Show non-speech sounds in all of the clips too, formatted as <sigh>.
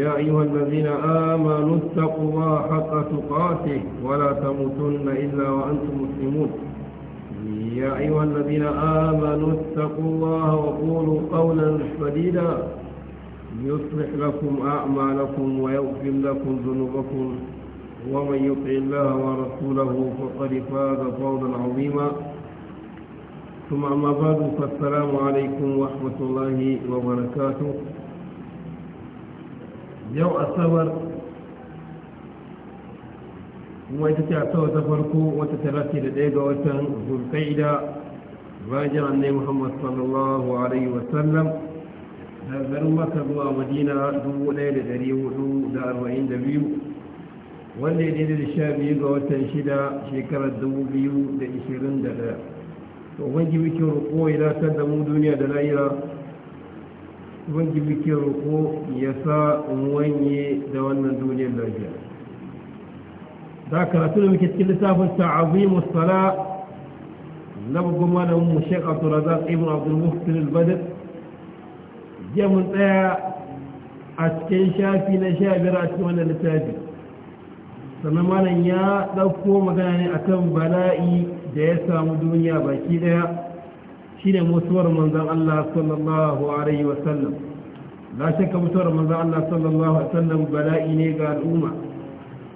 يا أيها الذين آمنوا اتقوا الله حق تقاته ولا تموتن إلا وأنتم مسلمون يا أيها الذين آمنوا اتقوا الله وقولوا قولا سديدا يصلح لكم أعمالكم ويغفر لكم ذنوبكم ومن يطع الله ورسوله فقد فاز فوزا عظيما ثم أما بعد فالسلام عليكم ورحمة الله وبركاته yau asabar kuma ita ce asabar ta farko wata talatin da ɗaya ga watan zulkaida bayan annai muhammad sallallahu alaihi wasallam da garin maka zuwa madina dubu ɗaya da ɗari hudu da arba'in da biyu wanda ya daidai da sha biyu ga watan shida shekarar dubu biyu da ishirin da ɗaya to wani bikin roƙo ya datar da mu duniya da lahira ubangi muke roƙo ya sa in wanye da wannan duniyar lafiya da karatu da muke cikin lissafin ta'azimu sala na babban malamin mu Sheikh Abdul Razak Ibn Abdul Muhsin al-Badr ya mun tsaya a cikin shafi na sha biyar a cikin wannan littafi sannan malam ya ɗauko magana ne akan bala'i da ya samu duniya baki ɗaya shine mutuwar manzon Allah sallallahu alaihi wasallam la shakka mutuwar manzon Allah sallallahu alaihi wasallam bala'i ne ga al'umma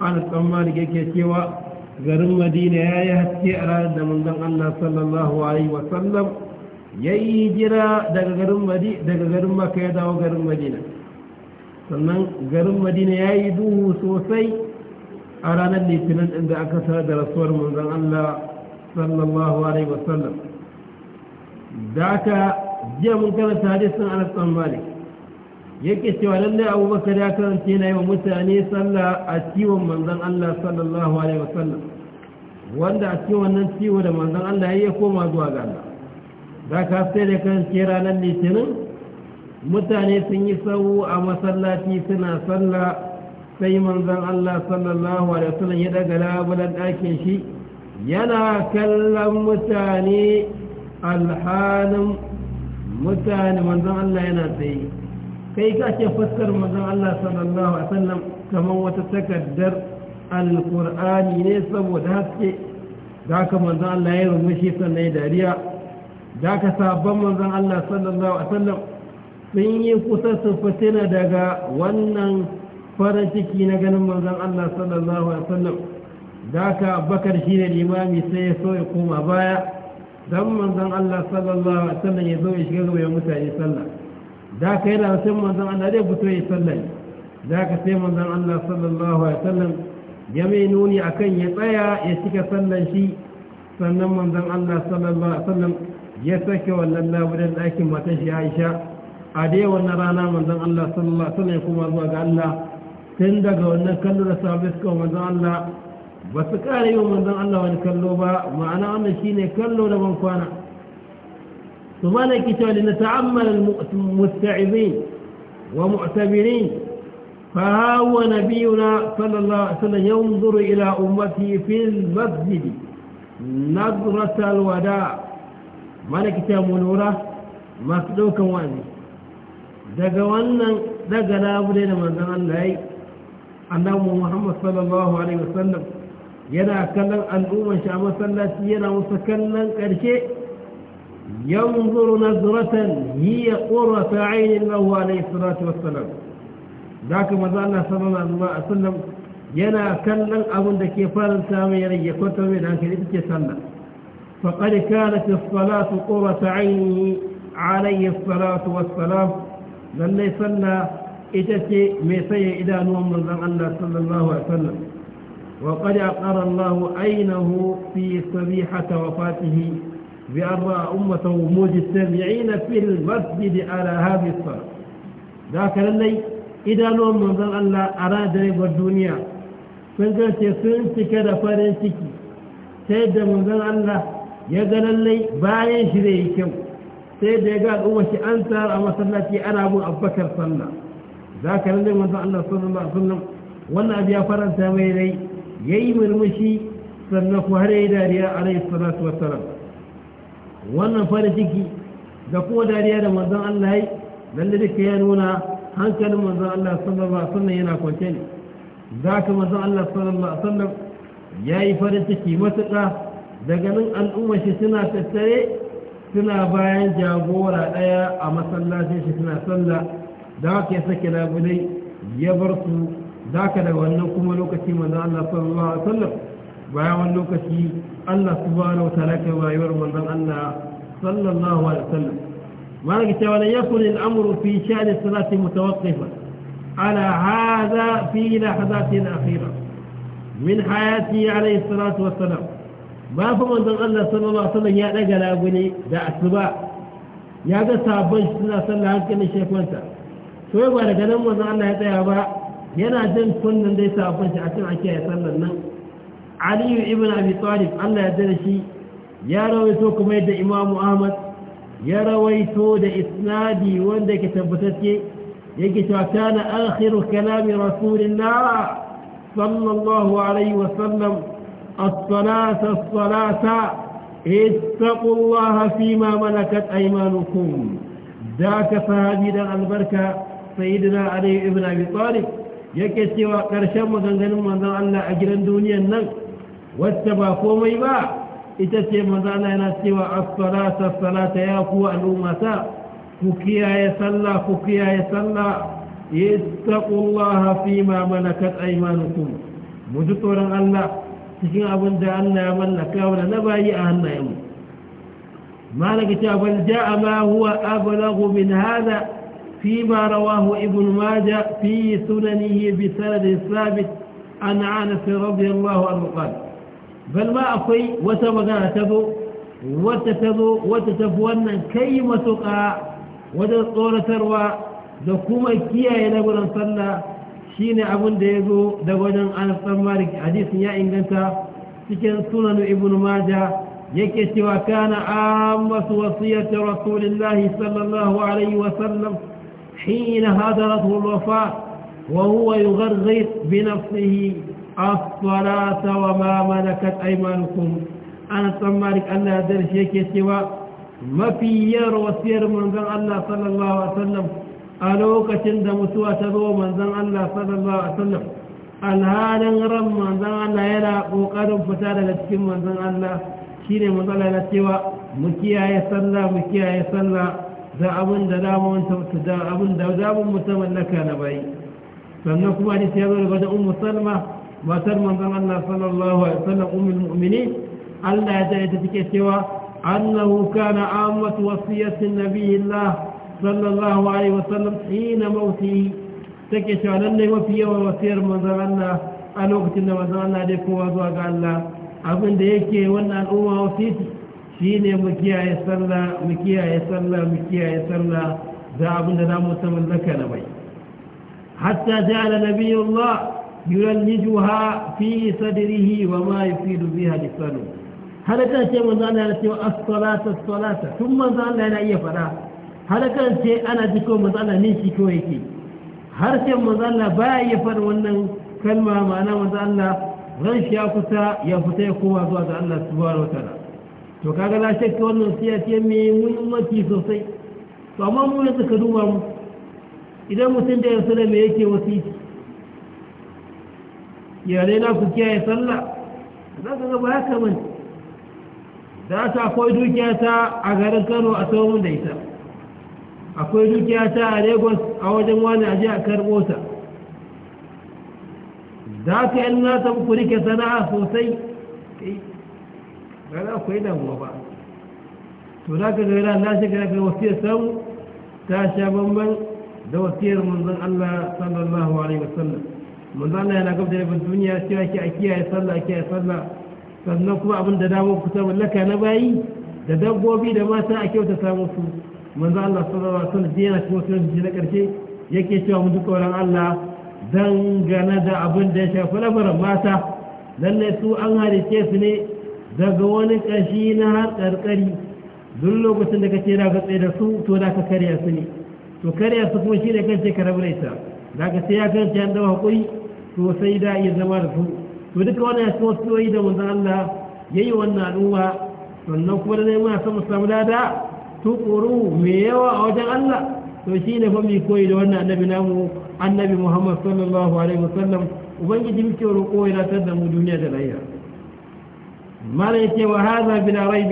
an tsammani yake cewa garin Madina ya yi haske a ranar da manzon Allah sallallahu alaihi wasallam ya yi jira daga garin Madi daga garin Makka ya dawo garin Madina sannan garin Madina yayi duhu sosai a ranar litinin inda aka sanar da rasuwar manzon Allah sallallahu alaihi wasallam da aka jiya mun karanta sun anas dan malik yake cewa lalle abubakar ya karanta yana yi wa mutane sallah a ciwon manzon Allah sallallahu alaihi wasallam wanda a ciwon nan ciwo da manzon Allah ya koma zuwa ga Allah da ka sai da karanta ranar litinin mutane sun yi sau a masallaci suna sallah sai manzon Allah sallallahu alaihi wasallam ya daga labulan ɗakin shi yana kallon mutane alhalin mutane manzon Allah yana tsaye kai ka ce fuskar manzon Allah sallallahu alaihi wasallam kamar wata takaddar alkur'ani ne saboda haske da haka manzon Allah ya rumushi sannan ya dariya da haka sabon manzon Allah sallallahu alaihi wasallam sun yi kusa su fitina daga wannan farin ciki na ganin manzon Allah sallallahu alaihi wasallam da haka bakar shi ne limami sai ya so ya koma baya don manzon Allah sallallahu alaihi wasallam ya zo ya shiga gaba ya mutane sallah da ka yana sai manzon Allah zai fito ya sallah da ka sai manzon Allah sallallahu alaihi wasallam ya mai nuni akan ya tsaya ya cika sallan shi sannan manzon Allah sallallahu alaihi wasallam ya sake wannan labudan ɗakin matan shi Aisha a dai wannan rana manzon Allah sallallahu alaihi wasallam ya kuma zuwa ga Allah tun daga wannan kallo da sabbis ko manzon Allah ba su ƙara yi wa manzon Allah wani kallo ba ma'ana wannan shine kallo da ban kwana su ma na kita da na ta'ammala musta'izin wa mu'tabirin fa hawa nabiyuna sallallahu alaihi wasallam yanzuru ila ummati fil masjid نظرة الوداع ملك تامو نورة مصدوكا واني daga wannan daga labule da manzan Allah yi annabi Muhammad sallallahu alaihi wasallam yana kallon al'umman shi a masallaci yana wasu kallon ƙarshe zuru na zuratan yi yanzuru nazratan hiya qurratu aynin lahu alayhi salatu za ka maza Allah sallallahu alaihi wasallam yana kallon abin da ke farin samun yana ya kwanta mai da hankali take sallah faqad kanat ta salatu qurratu ayni alayhi salatu wassalam lallai sallah ita ce mai sanya idanuwan manzan Allah sallallahu alaihi wasallam وقد أقر الله عينه في صبيحة وفاته بأن رأى أمته مجتمعين في المسجد على هذه الصلاة ذاك للي إذا نوم من ذل الله أراد رب الدنيا فنزلت سنتك لفرنسك سيد من ذل الله يقال للي باين شريكم سيد يقال أمشي أنت أما صلاتي أنا أبو أبكر صلى ذاك للي من ذل الله صلى الله عليه وسلم وأن أبي فرنسا ميلي ya yi murmushi sannan ku har ya yi dariya alaihi salatu wassalam wannan farin ciki da ko dariya da manzon Allah yi lalle duka ya nuna hankalin manzon Allah sallallahu alaihi wasallam yana kwance ne zaka manzon Allah sallallahu alaihi wasallam yayi farin ciki matuƙa daga nan al'umma shi suna tattare suna bayan jagora ɗaya a masallacin shi suna sallah da haka ya sake labulai ya bar su zaka daga wannan kuma lokaci manzan Allah sallallahu alaihi wasallam bayan wannan lokaci Allah subhanahu wa ta'ala kai rayuwar manzan Allah sallallahu alaihi wasallam malaka cewa la yakun al-amru fi shan salati mutawaqqifa ala hadha fi lahzatin akhira min hayati alaihi salatu wassalam ba fa manzan Allah sallallahu alaihi wasallam ya daga lagune da asuba ya ga sabon suna sallah hankalin shekwanta to ba daga nan manzan Allah ya tsaya ba yana jan kunnen dai sabon shi a cikin ake ya sallar nan aliyu ibn abi talib Allah ya dare shi ya rawaito kuma yadda imamu ahmad ya rawaito da isnadi wanda yake tabbatacce yake cewa kana akhiru kalami rasulillah sallallahu alaihi wa sallam as-salata as-salata ittaqullaha ma malakat aymanukum ذاك صحابي البركه سيدنا علي ابن ابي طالب yake cewa ƙarshen maganganun manzan Allah a gidan duniyan nan wacce ba komai ba ita ce manzon Allah yana cewa as-salata ta ya al'umma ta ku kiyaye sallah ku kiyaye sallah ya yattaqullaha fi ma malakat aymanukum mu ji tsoron Allah cikin abin da Allah ya mallaka wa na bayi a hannayenmu ما لك bal جاء ما هو أبلغ من هذا فيما رواه ابن ماجه في سننه بسند ثابت عن عانس رضي الله عنه قال بل ما أخي وتبغان تبو وتتبو وتتبو أن كي ما تقع ودقون تروى دقوم كيا يلبر صلى شين عبن ديبو دقون عن الصمارك حديث يا إنجنتا سكن سنن ابن ماجه يكتوى كان عامة وصية رسول الله صلى الله عليه وسلم حين هدرته الوفاة وهو يغرغر بنفسه الصلاة وما ملكت أيمانكم أنا تمارك ألا درش يكي سوى ما في يار وسير من ذن الله صلى الله عليه وسلم ألوك تند متوى تذو من ذن الله صلى الله عليه وسلم الهالا رم من ذن الله يلا وقدم فتالة لتكم من ذن الله شيني من ذن الله سوى مكيا يسلى مكيا يسلى da abin da damun mutamallaka na bayi sannan kuma hadis ya zo daga wajen ummu salma matar manzon Allah sallallahu alaihi wasallam ummul mu'minin Allah ya tare ta take cewa annahu kana ammatu wasiyatin nabiyillah sallallahu alaihi wasallam hina mauti take cewa nan ne mafi yawan wasiyar manzon Allah a lokacin da manzon Allah dai kowa zuwa ga Allah abin da yake wannan al'umma wasiti shi ne mu kiyaye sallah mu kiyaye sallah mu kiyaye sallah da abin da za mu ta mallaka na mai hatta ja'ala nabiyullah yulajjuha fi sadrihi wa ma yufidu biha lisanu halakan ce manzo Allah ya ce as-salata as-salata tun manzo Allah yana iya fada halakan ce ana ji ko manzo Allah ne shi ko yake har sai manzo Allah ba ya fada wannan kalma ma'ana manzo Allah ran shi ya kusa ya fita ya koma zuwa ga Allah subhanahu wa ta'ala to kaga na shakka wannan siya ce mai muhimmanci sosai to amma mu yanzu ka duba mu idan mutum da yanzu da me yake wasiki yare na ku kiyaye sallah za ka gaba ya kamanta za ta akwai dukiya ta a garin kano a sauran da ita akwai dukiya ta a lagos a wajen wani aje a karɓo ta za ka yi nasa ku rike sana'a sosai ba za ku yi damuwa ba to za ka gaira na shi ka ga wasiyar samu ta sha bambam da wasiyar manzon Allah sallallahu alaihi wasallam manzon Allah yana gaba da rabin duniya cewa ki a kiyaye sallah a kiyaye sallah sannan kuma abin da dama ku samu laka na bayi da dabbobi da mata a kyauta samu su manzon Allah sallallahu alaihi wasallam yana cikin wasu shi na karshe yake cewa mu duka wurin Allah dangane da abin da ya shafi lamarin mata lallai su an halice su ne daga wani ƙashi na har ƙarƙari duk lokacin da ka ce ka tsaye da su to da ka karya su ne to karya su kuma shi ne kan ce ka rabu ita da ka sai ya kan ce an dawa haƙuri to sai da iya zama da su to duka wani ya kuma soyi da manzan Allah ya yi wannan al'umma sannan kuma da zai muna son mu samu lada tukuru mai yawa a wajen Allah to shi ne fa mai koyi da wannan annabi namu annabi Muhammad sallallahu alaihi wasallam ubangiji muke roƙo ya latar da mu duniya da lahira ما ليس وهذا بلا ريب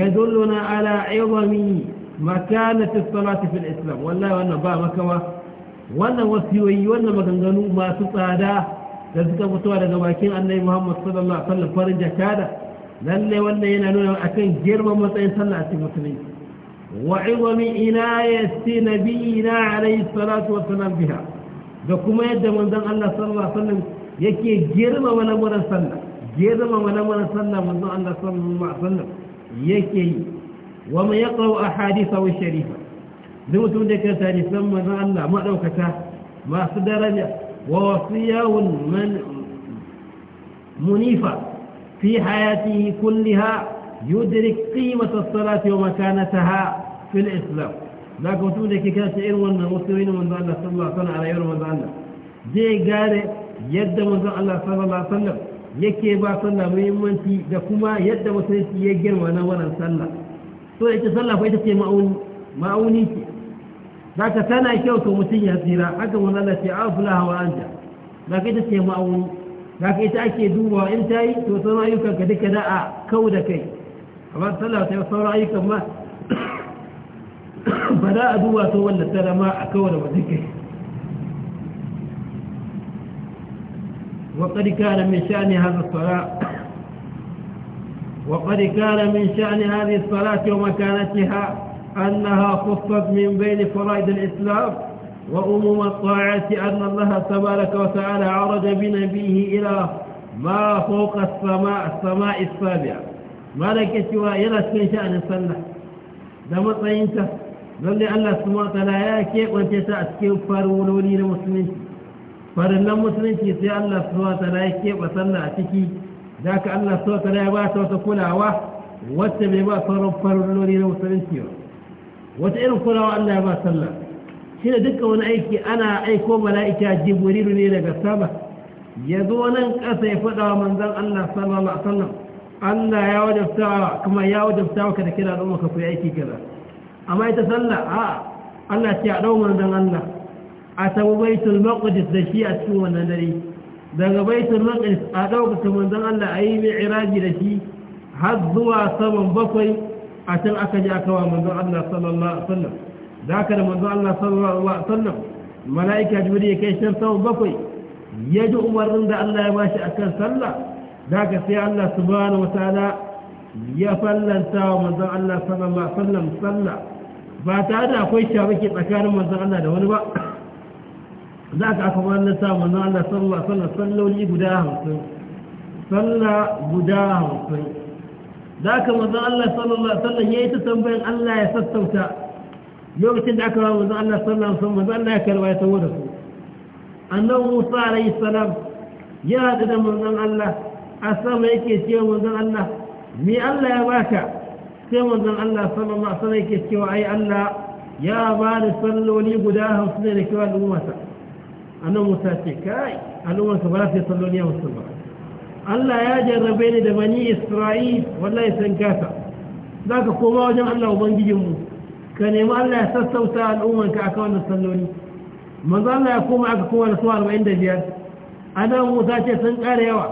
يدلنا على عظم مكانة الصلاة في الإسلام والله وأن با مكوى وأن وسيوي وأن مغنغنو ما تصادا لذلك فتوى لغواكين أن محمد صلى الله عليه وسلم فرنجا كادا للي وأن ينالون أكن جير ممتع صلى الله عليه وسلم وعظم إناية نبينا عليه الصلاة والسلام بها دكما يدى من ذن الله صلى الله عليه وسلم يكي جير ممتع صلى الله عليه وسلم جيد ما من من سلم صلى الله عليه وسلم يكي وما يقرأ أحاديث الشريفة نموت لك ثاني سمى الله ما لو ما صدر ووصيه من منيفة في حياته كلها يدرك قيمة الصلاة ومكانتها في الإسلام لكن تقول لك كانت إرون المسلمين من ذا صلى الله عليه وسلم جي قال يد من ذا صلى الله عليه وسلم yake ba sallah muhimmanci da kuma yadda musulunci ya girma na wannan sallah so ita sallah fa ita ce ma'auni ma'auni ce zaka tana kyau to mutum ya tsira haka wannan Allah ce aflaha hawa anja zaka ita ce ma'auni zaka ita ake dubawa in ta yi to sauran ayyukan ka duka da a kau da kai amma sallah ta sauran ayyukan ma <coughs> ba za a duba to wannan tara ma a kawar da wajen kai وقد كان من شأن هذا الصلاة وقد كان من شأن هذه الصلاة ومكانتها أنها خصت من بين فرائد الإسلام وأمم الطاعة أن الله تبارك وتعالى عرج بنبيه إلى ما فوق السماء السماء السابعة ملكة وإلى من شأن الصلاة دم طينته للي أن سبحانه وتعالى لا كيف وانت تأتكي فرولولي لمسلمين farillan musulunci sai Allah subhanahu wataala ya keɓa sallah a ciki da ka Allah subhanahu wataala ya ba ta wata kulawa wacce bai ba sauran farilloli na musulunci ba wata irin kulawa Allah ya ba sallah shi da dukkan wani aiki ana aiko mala'ika jibrilu ne daga sama ya zo nan ƙasa ya faɗa wa manzon Allah sallallahu alaihi wasallam Allah ya wajabta kuma ya wajabta ka da kira al'umma ka ku aiki kaza amma ita sallah a Allah ce a ɗau manzon Allah أتو بيت المقدس دشي أتو ونداري دغ بيت المقدس أتو كمن دان الله أي معراج دشي حد دوا سما بفي أتل أكجا أتو من دان الله صلى الله عليه وسلم ذاك من دان الله صلى الله عليه وسلم ملائكة جبرية كيشن سما بفي يجو أمر من دان الله ما شاء كان صلى ذاك سي الله سبحانه وتعالى يفلن سما من دان الله صلى الله عليه وسلم صلى ba tare da akwai shabaki tsakanin manzon Allah da wani ba za ka aka ba na sa manzon Allah sallallahu alaihi wasallam salloli guda hamsin salla guda hamsin za ka manzon Allah sallallahu alaihi wasallam yayi ta tambayan Allah ya sassauta lokacin da aka ba manzon Allah sallallahu alaihi wasallam manzon Allah ya karba ya tawo da su annabi Musa alaihi salam ya hadu da manzon Allah a sama yake cewa manzon Allah me Allah ya baka sai manzon Allah sallallahu alaihi wasallam yake cewa ai Allah ya ba da salloli guda hamsin da kewa al'ummata annan musa ce kai al'ummarsa ba su yi salloli a ba allah ya jarrabe ni da bani isra'il wallahi san kasa za ka koma wajen allah ubangijinmu ka nemi allah ya sassauta al'ummarka a wannan salloli manzo allah ya koma aka koma da su arba'in da biyar annan musa ce sun ƙara yawa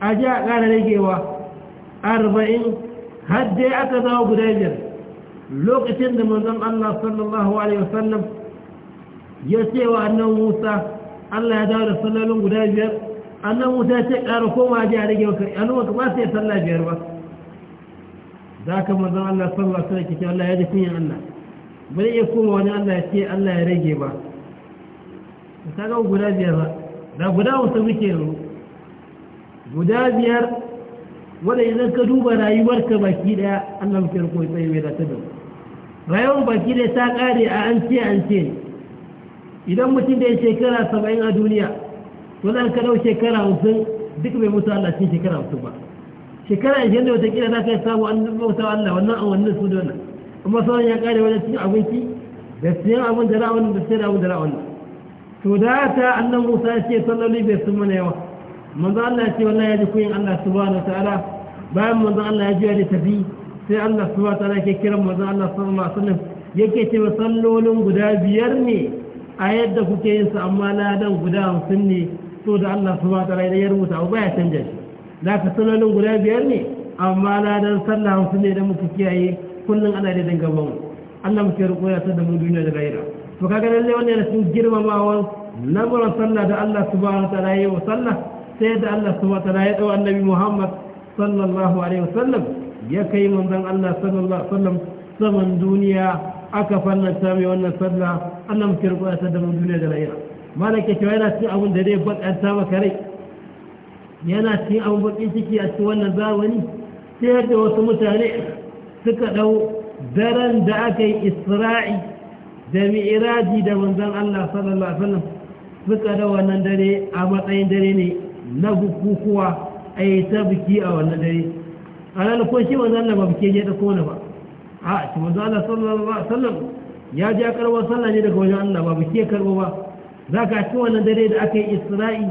a ji a ƙara ragewa arba'in har dai aka zama guda biyar lokacin da manzon allah sallallahu alaihi wasallam ya ce wa annan musa Allah ya dawo da sallolin guda biyar annan wuta ce ƙara koma ji a rage wakar yanu wata ba su sai sallah biyar ba za ka manzan Allah sallah sai kike Allah ya ji kunyan Allah Ba zai iya koma wani Allah ya ce Allah ya rage ba ta ga guda biyar ba da guda wata muke yanzu guda biyar wanda idan ka duba rayuwarka baki daya Allah muke rukun tsaye mai da ta da rayuwar baki ɗaya ta ƙare a an ce an ce ne idan mutum da ya shekara saba'in a duniya to wannan ka dau shekara hamsin duk bai mutu Allah cikin shekara hamsin ba shekara ashirin da watakila za ka yi samu an bauta Allah wannan a wannan su dole amma sauran ya kare wajen cin abinci da siyan abin da ra'awar da siyan abin da ra'awar to da ta annan musa ya ce salloli bai sun mana yawa manzo Allah ya ce wallahi ya ji kuyin Allah subhanahu wa ta'ala bayan manzo Allah ya ji ya tafi sai Allah subhanahu wa ta'ala ke kiran manzo Allah sallallahu alaihi wasallam yake ce sallolin guda biyar ne a yadda kuke yin su amma na dan guda hamsin ne to da Allah su ba tsara ya rubuta abu baya canja shi da ka sunanin guda biyar ne amma na dan sallah hamsin ne da muka kiyaye kullum ana da dinga mu Allah muke riko ya da mu duniya da gaira to kaga lalle wannan yana cikin girmamawa lamarin sallah da Allah su wa ta'ala ya wa sallah sai da Allah su wa ta'ala ya dau annabi Muhammad sallallahu alaihi wasallam ya kai manzon Allah sallallahu alaihi wasallam saman duniya aka fallanta sami wannan sallah Allah muke riko ya da mu duniya da lahira ke cewa yana cikin abin da zai bakanta maka rai yana cikin abin bakin ciki a cikin wannan zamani sai yadda wasu mutane suka dau daren da aka yi isra'i da mi'iraji da manzon Allah sallallahu alaihi wasallam suka da wannan dare a matsayin dare ne na bukukuwa a yi ta biki a wannan dare a ranar ko shi manzon Allah ba biki ya da kona ba a ci manzo Allah sallallahu alaihi wasallam ya ji karɓar sallah ne daga wajen Allah ba biki karbo karɓo ba za ka ci wannan dare da aka yi isra'i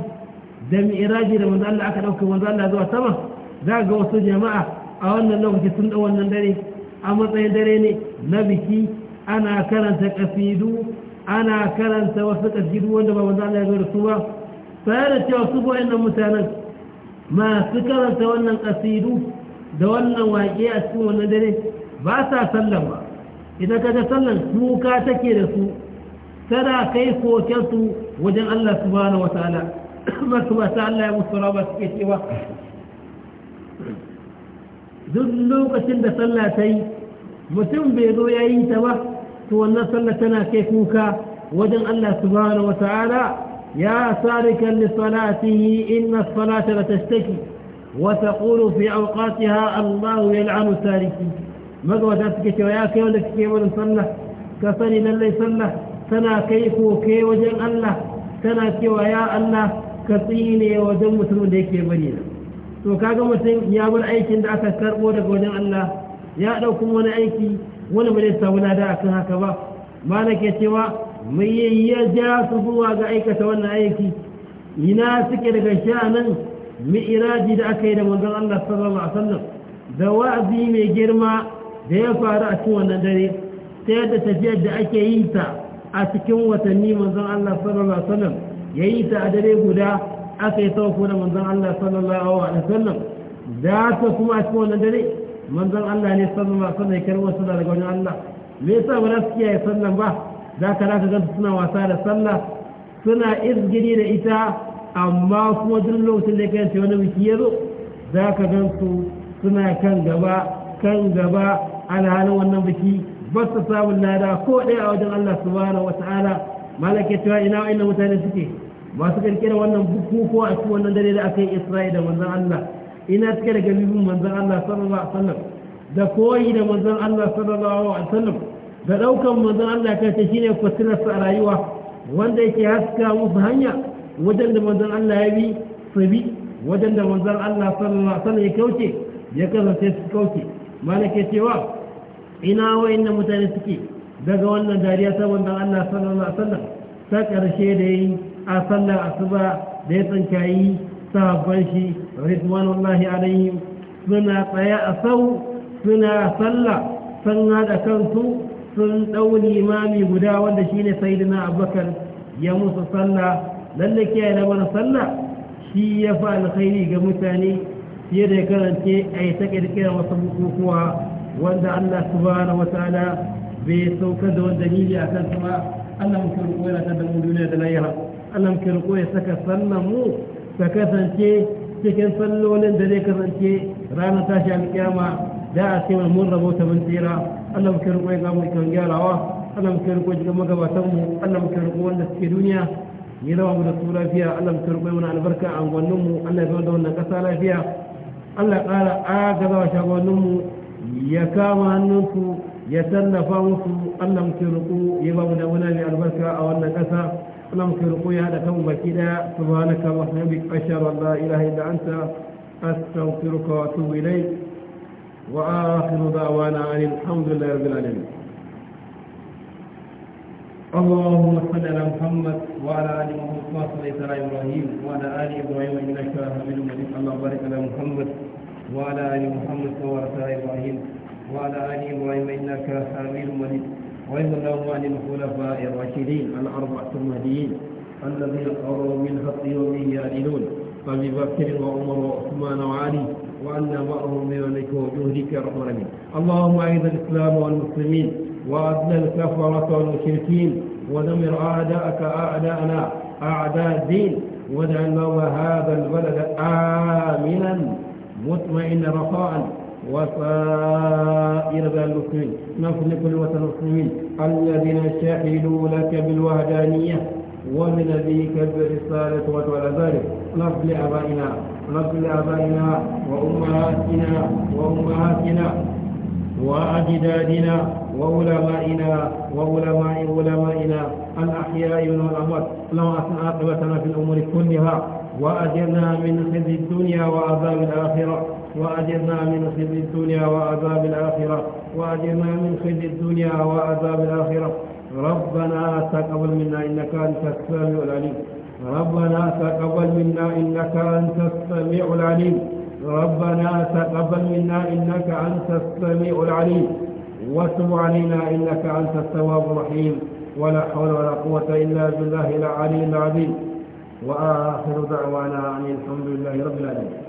da mi'raji da manzo Allah aka ɗauka manzo Allah zuwa sama za ga wasu jama'a a wannan lokaci sun da wannan dare a matsayin dare ne na biki ana karanta kasidu ana karanta wasu kasidu wanda ba manzo Allah ya zo da su ba sai da cewa su wa'annan mutanen masu karanta wannan kasidu da wannan waƙe a cikin wannan dare ba sa sallan ba idan ka ga sallan kuka take da su tana kai kokensu wajen Allah subhanahu wataala masu masu Allah ya musu rama suke cewa duk lokacin da sallah ta yi mutum bai zo ya yi ta ba to wannan sallah tana kai kuka wajen Allah subhanahu wataala ya sarikan li salatihi inna salata la tashtaki wa taqulu fi awqatiha Allah yal'anu sariki magabata suke cewa ya kai wanda suke wurin sallah ka sani lallai sallah tana kai koke wajen Allah tana cewa ya Allah ka tsine wajen mutumin da yake bari na to kaga mutum ya bar aikin da aka karbo daga wajen Allah ya dauki wani aiki wani ba zai samu lada akan haka ba malaka ke cewa mai ya ja su zuwa ga aikata wannan aiki ina suke daga shanan mi'iraji da aka yi da manzon Allah sallallahu alaihi wasallam da wa'azi mai girma da ya faru a cikin wannan dare ta yadda tafiyar da ake yi ta a cikin watanni manzon Allah sallallahu alaihi wasallam ya yi ta a dare guda aka yi tawafu da manzon Allah sallallahu alaihi wasallam za ta kuma a cikin wannan dare manzon Allah ne sallallahu alaihi wasallam ya karɓo daga wani Allah me yasa ba za su kiyaye sallan ba za ka raka gansu suna wasa da sallah suna izgiri da ita amma kuma duk lokacin da kai wani biki ya zo za ka gansu suna kan gaba kan gaba alhalin wannan biki ba su samun lada ko ɗaya a wajen Allah subhanahu wa ta'ala malaka cewa ina wa'annan mutane suke masu kirkira wannan bukukuwa a cikin wannan dare da aka yi Isra'i da manzon Allah ina suke da gabibin manzon Allah sallallahu alaihi wasallam da koyi da manzon Allah sallallahu alaihi wasallam da daukan manzon Allah kai ta shine kwatirarsa a rayuwa wanda yake haska musu hanya wajen da manzon Allah ya bi su wajen da manzon Allah sallallahu alaihi wasallam ya kauce ya kasance su kauce malaka cewa ina da mutane suke daga wannan dariya ta wanda Allah sallallahu alaihi wasallam ta karshe da yi a sallar asuba da ya tsankayi sahabban shi ridwanullahi alaihi suna tsaya a sau suna sallah sun hada kansu sun dau limami guda wanda shine sayyidina abubakar ya musu sallah lalle ke da mana sallah shi ya fa alkhairi ga mutane fiye da ya karance a yi ta kirkira wasu bukukuwa wanda Allah subhanahu wataala bai saukar da wani dalili a kan su ba Allah muke roƙo yana ta da mu duniya da lahira Allah muke roƙo ya saka sallan mu ta kasance cikin sallolin da zai kasance ranar tashi alƙiyama da a ce mun rabauta mun tsira Allah muke roƙo ya gamu ikon gyarawa Allah muke roƙo jikin magabatan mu Allah muke roƙo wanda suke duniya ya zama mu da su lafiya Allah muke roƙo mana albarka a angonnin mu Allah ya zama da wannan ƙasa lafiya Allah ya ƙara agaza wa shagonnin mu يكاما ننفو يتنفى وفو ألم ترقو يبون ونالي البكرة أو النكسة ألم ترقو هذا كم بكدا سبحانك الله اشهد ان لا إله إلا أنت أستغفرك وأتوب إليك وآخر دعوانا عن الحمد لله رب العالمين اللهم صل على محمد وعلى ال محمد وعلى ال ابراهيم وعلى ال ابراهيم انك حميد مجيد اللهم بارك على محمد وعلى آل محمد وعلى إبراهيم وعلى آل إبراهيم إنك حميد مجيد وإن اللهم عن الخلفاء الراشدين الأربعة المهديين الذين قرروا من حق يومه يعدلون أبي بكر وعمر وعثمان وعلي وأن معهم بملك وجهدك يا رحمن الرحيم اللهم أعز الإسلام والمسلمين وأذل الكفرة والمشركين ودمر أعداءك أعداءنا أعداء الدين واجعل هذا البلد آمنا مطمئن رخاء وسائر ذا المسلمين نصر كل وطن المسلمين الذين شهدوا لك بالوحدانية وبنبيك بالرسالة وتولى ذلك نصر لآبائنا نصر لآبائنا وأمهاتنا وأمهاتنا وأجدادنا وعلمائنا وعلماء علمائنا الأحياء والأموات اللهم أحسن عاقبتنا في الأمور كلها وأجرنا من خزي الدنيا وعذاب الآخرة وأجرنا من خزي الدنيا وعذاب الآخرة وأجرنا من خزي الدنيا وعذاب الآخرة ربنا تقبل منا إنك أنت السميع العليم ربنا تقبل منا إنك أنت السميع العليم ربنا تقبل منا إنك أنت السميع العليم واتب علينا إنك أنت التواب الرحيم ولا حول ولا قوة إلا بالله العلي العظيم وآخر دعوانا أن الحمد لله رب العالمين